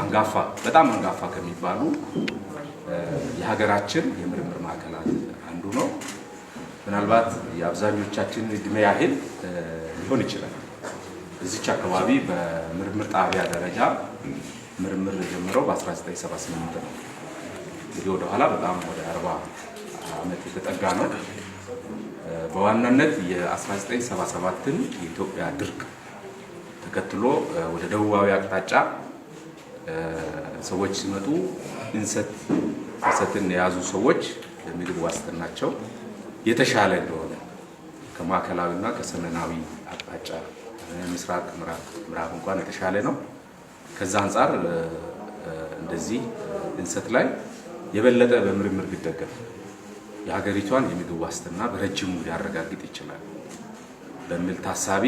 አንጋፋ በጣም አንጋፋ ከሚባሉ የሀገራችን የምርምር ማዕከላት አንዱ ነው። ምናልባት የአብዛኞቻችን እድሜ ያህል ሊሆን ይችላል። እዚች አካባቢ በምርምር ጣቢያ ደረጃ ምርምር ጀምረው በ1978 ነው። እንግዲህ ወደኋላ በጣም ወደ 40 ዓመት የተጠጋ ነው። በዋናነት የ1977ን የኢትዮጵያ ድርቅ ተከትሎ ወደ ደቡባዊ አቅጣጫ ሰዎች ሲመጡ እንሰት እንሰትን የያዙ ሰዎች ለምግብ ዋስትናቸው የተሻለ እንደሆነ ከማዕከላዊና ከሰሜናዊ አቅጣጫ ምስራቅ፣ ምዕራብ እንኳን የተሻለ ነው። ከዛ አንጻር እንደዚህ እንሰት ላይ የበለጠ በምርምር ቢደገፍ የሀገሪቷን የምግብ ዋስትና በረጅሙ ሊያረጋግጥ ይችላል በሚል ታሳቢ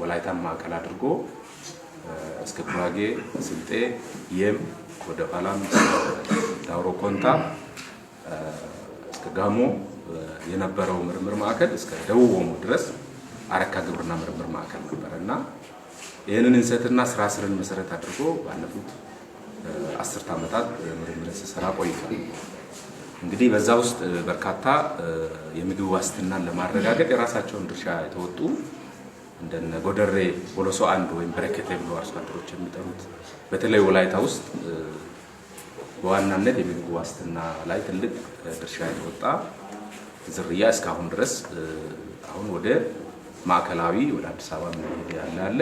ወላይታን ማዕከል አድርጎ እስከ ጉራጌ ስልጤ፣ የም ወደ ኋላም ዳውሮ ኮንታ እስከ ጋሞ የነበረው ምርምር ማዕከል እስከ ደቡብ ኦሞ ድረስ አረካ ግብርና ምርምር ማዕከል ነበረ እና ይህንን እንሰትና ስራ ስርን መሰረት አድርጎ ባለፉት አስርት ዓመታት ምርምር ስሰራ ቆይቷል። እንግዲህ በዛ ውስጥ በርካታ የምግብ ዋስትናን ለማረጋገጥ የራሳቸውን ድርሻ የተወጡ እንደነ ጎደሬ፣ ወለሶ አንድ ወይም በረከተ ብሎ አርሶ አደሮች የሚጠሩት በተለይ ወላይታ ውስጥ በዋናነት የምግብ ዋስትና ላይ ትልቅ ድርሻ የተወጣ ዝርያ እስካሁን ድረስ አሁን ወደ ማዕከላዊ ወደ አዲስ አበባ የሚሄድ ያለ አለ።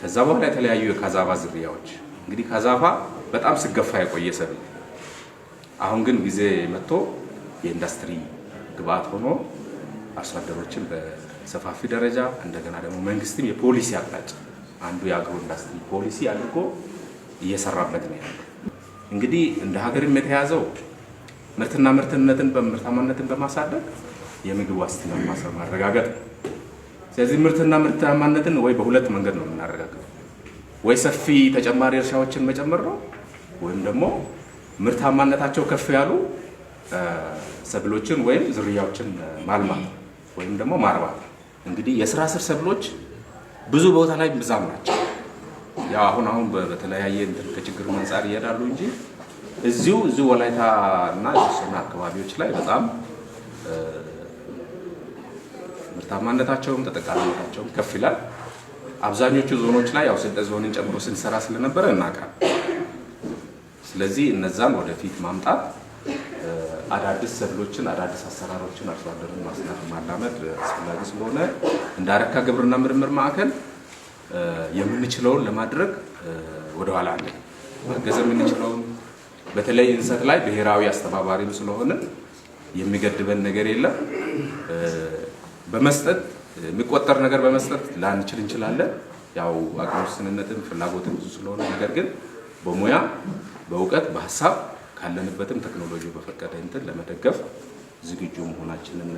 ከዛ በኋላ የተለያዩ የካዛፋ ዝርያዎች እንግዲህ ካዛፋ በጣም ስገፋ የቆየ ሰብል አሁን ግን ጊዜ መጥቶ የኢንዱስትሪ ግብዓት ሆኖ አርሶ አደሮችን ሰፋፊ ደረጃ እንደገና ደግሞ መንግስትም የፖሊሲ አቅጣጫ አንዱ የአግሮ ኢንዱስትሪ ፖሊሲ አድርጎ እየሰራበት ነው ያለው። እንግዲህ እንደ ሀገርም የተያዘው ምርትና ምርትነትን ምርታማነትን በማሳደግ የምግብ ዋስትና ማረጋገጥ ነው። ስለዚህ ምርትና ምርታማነትን ወይ በሁለት መንገድ ነው የምናረጋግጠው፣ ወይ ሰፊ ተጨማሪ እርሻዎችን መጨመር ነው ወይም ደግሞ ምርታማነታቸው ከፍ ያሉ ሰብሎችን ወይም ዝርያዎችን ማልማት ወይም ደግሞ ማርባት እንግዲህ የስራ ስር ሰብሎች ብዙ ቦታ ላይ ብዛም ናቸው። ያው አሁን አሁን በተለያየ እንትን ከችግር አንጻር ይሄዳሉ እንጂ እዚሁ እዚሁ ወላይታ እና የተወሰኑ አካባቢዎች ላይ በጣም ምርታማነታቸውም ተጠቃሚነታቸውም ከፍ ይላል። አብዛኞቹ ዞኖች ላይ ያው ስልጤ ዞንን ጨምሮ ስንሰራ ስለነበረ እናውቃለን። ስለዚህ እነዛን ወደፊት ማምጣት አዳዲስ ሰብሎችን አዳዲስ አሰራሮችን አርሶ አደሩን ማስናት ማላመድ አስፈላጊ ስለሆነ እንደ አረካ ግብርና ምርምር ማዕከል የምንችለውን ለማድረግ ወደኋላ አለ መገዝ የምንችለውን በተለይ እንሰት ላይ ብሔራዊ አስተባባሪም ስለሆነ የሚገድበን ነገር የለም። በመስጠት የሚቆጠር ነገር በመስጠት ላንችል እንችላለን። ያው አቅም ውስንነትም ብዙ ስለሆነ ነገር ግን በሙያ በእውቀት በሀሳብ ካለንበትም ቴክኖሎጂ በፈቀደ እንትን ለመደገፍ ዝግጁ መሆናችንን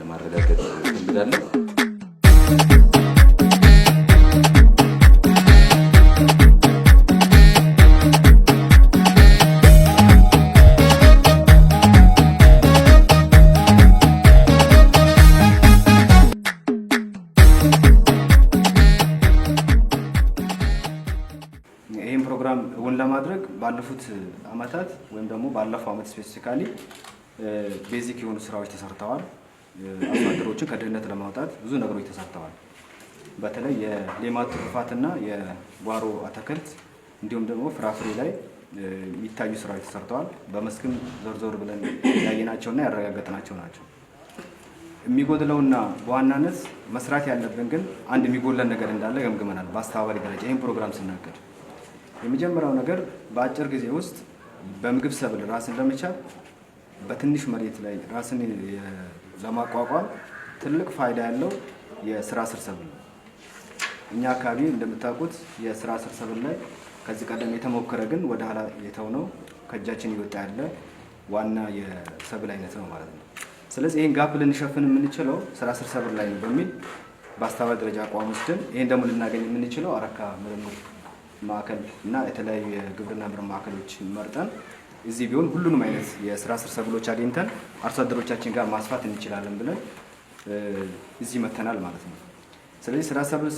ለማረጋገጥ እንፈልጋለን። ባለፉት አመታት ወይም ደግሞ ባለፈው አመት ስፔሲፊካሊ ቤዚክ የሆኑ ስራዎች ተሰርተዋል። አርሶ ከድህነት ለማውጣት ብዙ ነገሮች ተሰርተዋል። በተለይ የሌማት ትሩፋትና የጓሮ አትክልት እንዲሁም ደግሞ ፍራፍሬ ላይ የሚታዩ ስራዎች ተሰርተዋል። በመስክም ዞር ብለን ብለን ያየናቸውና ያረጋገጥናቸው ናቸው። የሚጎድለውና በዋናነት መስራት ያለብን ግን አንድ የሚጎለን ነገር እንዳለ ገምግመናል። በአስተባባሪ ደረጃ ይህን ፕሮግራም ስናገድ። የመጀመሪያው ነገር በአጭር ጊዜ ውስጥ በምግብ ሰብል ራስን ለመቻል በትንሽ መሬት ላይ ራስን ለማቋቋም ትልቅ ፋይዳ ያለው የስራ ስር ሰብል ነው። እኛ አካባቢ እንደምታውቁት የስራ ስር ሰብል ላይ ከዚህ ቀደም የተሞከረ ግን ወደ ኋላ ነው ከእጃችን ይወጣ ያለ ዋና የሰብል አይነት ነው ማለት ነው። ስለዚህ ይህን ጋፕ ልንሸፍን የምንችለው ስራ ስር ሰብል ላይ ነው በሚል በአስተባባሪ ደረጃ አቋም ወስደን ይህን ደግሞ ልናገኝ የምንችለው አረካ ምርምር ማዕከል እና የተለያዩ የግብርና ምርምር ማዕከሎች መርጠን እዚህ ቢሆን ሁሉንም አይነት የስራ ስር ሰብሎች አግኝተን አርሶ አደሮቻችን ጋር ማስፋት እንችላለን ብለን እዚህ መተናል ማለት ነው። ስለዚህ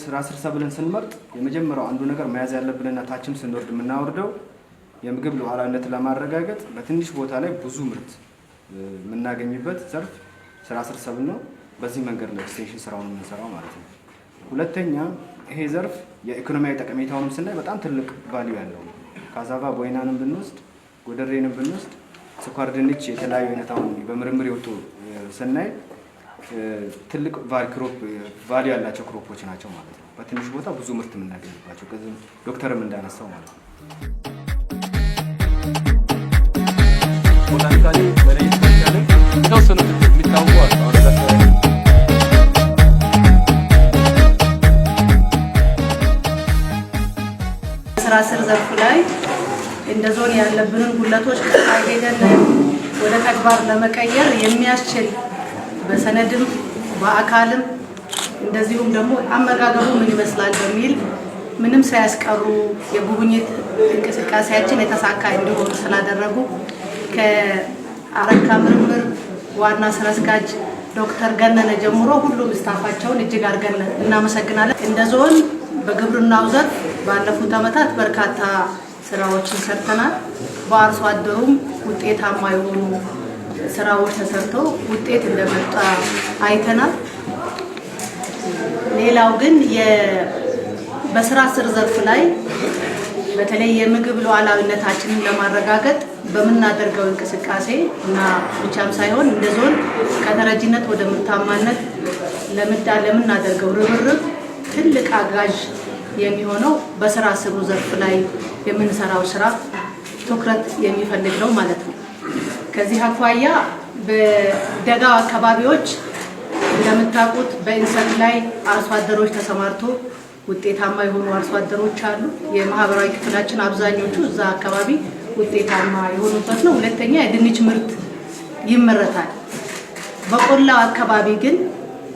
ስራ ስር ሰብልን ስንመርጥ የመጀመሪያው አንዱ ነገር መያዝ ያለብንና ታችም ስንወርድ የምናወርደው የምግብ ሉዓላዊነት ለማረጋገጥ በትንሽ ቦታ ላይ ብዙ ምርት የምናገኝበት ዘርፍ ስራ ስር ሰብል ነው። በዚህ መንገድ ነው ኤክስቴንሽን ስራውን የምንሰራው ማለት ነው። ሁለተኛ ይሄ ዘርፍ የኢኮኖሚያዊ ጠቀሜታውንም ስናይ በጣም ትልቅ ቫሊዩ ያለው ነው። ካዛቫ ቦይናንም ብንወስድ፣ ጎደሬንም ብንወስድ፣ ስኳር ድንች የተለያዩ አይነት አሁን በምርምር የወጡ ስናይ ትልቅ ቫሊዩ ያላቸው ክሮፖች ናቸው ማለት ነው። በትንሽ ቦታ ብዙ ምርት የምናገኝባቸው ዶክተርም እንዳነሳው ማለት ነው። ተወሰኑ በላይ የሚታወቁ በስራ ስር ዘርፉ ላይ እንደ ዞን ያለብንን ጉለቶች ካይሄደልን ወደ ተግባር ለመቀየር የሚያስችል በሰነድም በአካልም እንደዚሁም ደግሞ አመጋገቡ ምን ይመስላል በሚል ምንም ሳያስቀሩ የጉብኝት እንቅስቃሴያችን የተሳካ እንዲሆን ስላደረጉ ከአረካ ምርምር ዋና ስራ አስኪያጅ ዶክተር ገነነ ጀምሮ ሁሉም ስታፋቸውን እጅግ አድርገን እናመሰግናለን። እንደ ዞን በግብርናው ዘርፍ ባለፉት ዓመታት በርካታ ስራዎችን ሰርተናል። በአርሶ አደሩም ውጤታማ የሆኑ ስራዎች ተሰርተው ውጤት እንደመጣ አይተናል። ሌላው ግን በስራ ስር ዘርፍ ላይ በተለይ የምግብ ሉዓላዊነታችንን ለማረጋገጥ በምናደርገው እንቅስቃሴ እና ብቻም ሳይሆን እንደ ዞን ከተረጂነት ወደ ምርታማነት ለምናደርገው ርብርብ ትልቅ አጋዥ የሚሆነው በስራ ስሩ ዘርፍ ላይ የምንሰራው ስራ ትኩረት የሚፈልግ ነው ማለት ነው። ከዚህ አኳያ በደጋ አካባቢዎች እንደምታውቁት በእንሰት ላይ አርሶ አደሮች ተሰማርቶ ውጤታማ የሆኑ አርሶ አደሮች አሉ። የማህበራዊ ክፍላችን አብዛኞቹ እዛ አካባቢ ውጤታማ የሆኑበት ነው። ሁለተኛ የድንች ምርት ይመረታል። በቆላው አካባቢ ግን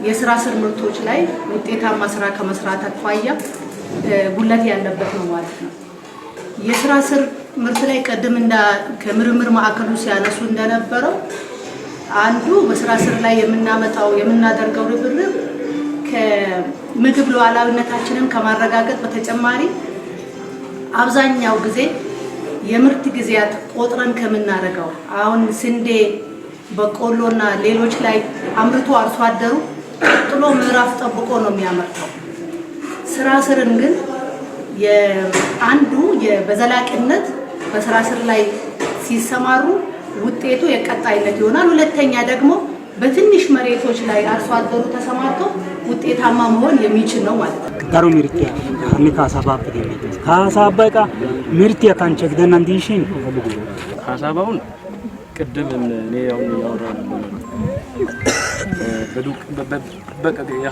የስራ ስር ምርቶች ላይ ውጤታማ ስራ ከመስራት አኳያ ጉለት ያለበት ነው ማለት ነው። የስራ ስር ምርት ላይ ቀደም እንዳ ከምርምር ማዕከሉ ሲያነሱ እንደነበረው አንዱ በስራ ስር ላይ የምናመጣው የምናደርገው ርብርብ ከምግብ ሉዓላዊነታችንን ከማረጋገጥ በተጨማሪ አብዛኛው ጊዜ የምርት ጊዜያት ቆጥረን ከምናደርገው አሁን ስንዴ፣ በቆሎና ሌሎች ላይ አምርቶ አርሶ አደሩ ጥሎ ምዕራፍ ጠብቆ ነው የሚያመርተው። ስራ ስርን ግን አንዱ በዘላቂነት በስራ ስር ላይ ሲሰማሩ ውጤቱ የቀጣይነት ይሆናል። ሁለተኛ ደግሞ በትንሽ መሬቶች ላይ አርሶ አደሩ ተሰማርቶ ውጤታማ መሆን የሚችል ነው ማለት ነው። ምርቴ ምርት ሀሚ ካሳባ ካሳባ ቃ ካንቸ ግደና እንዲሽን ካሳባውን ቅድም እኔ ያው ያወራ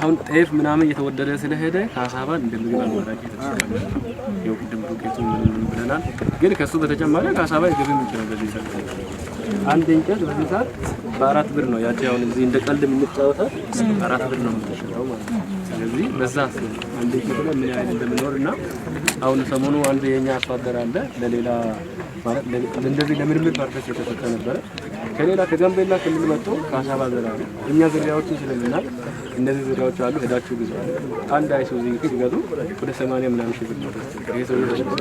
አሁን ጤፍ ምናምን እየተወደደ ስለሄደ ካሳባን እንደ ምግብ አማራጭ የተጠቀመው ቅድም ዱቄቱ ምንም ብለናል። ግን ከሱ በተጨማሪ ካሳባ የገቢ ምንጭ ነው። በዚህ ሰዓት አንድ እንጨት በዚህ ሰዓት በአራት ብር ነው ያቺ አሁን እዚህ እንደ ቀልድ የምንጫወተው አራት ብር ነው የምትሸጠው ማለት ነው። ስለዚህ በዛ አንድ እንጨት ላይ ምን ያህል እንደምኖር እና አሁን ሰሞኑ አንድ የኛ አርሶ አደር አለ ለሌላ ማለት እንደዚህ ለምርምር ፐርፐስ የተሰጠ ነበረ ከሌላ ከጋምቤላ ክልል መጥቶ ከአሳባ ዘላሉ እኛ ዝርያዎችን ስለምናል እነዚህ ዝርያዎች አሉ ሄዳችሁ ግዙ። አንድ አይሱዙ ሲገዙ ወደ ሰማንያ ምናምን ሺህ ብር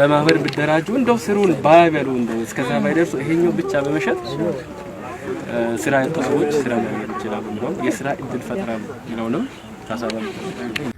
በማህበር ብደራጁ እንደው ስሩን ባያበሉ እንደው እስከዛ ባይደርሱ ይሄኛው ብቻ በመሸጥ ስራ ያጡ ሰዎች ስራ ማግኘት ይችላሉ። የስራ እድል ፈጠራ የሚለውንም ታሳባ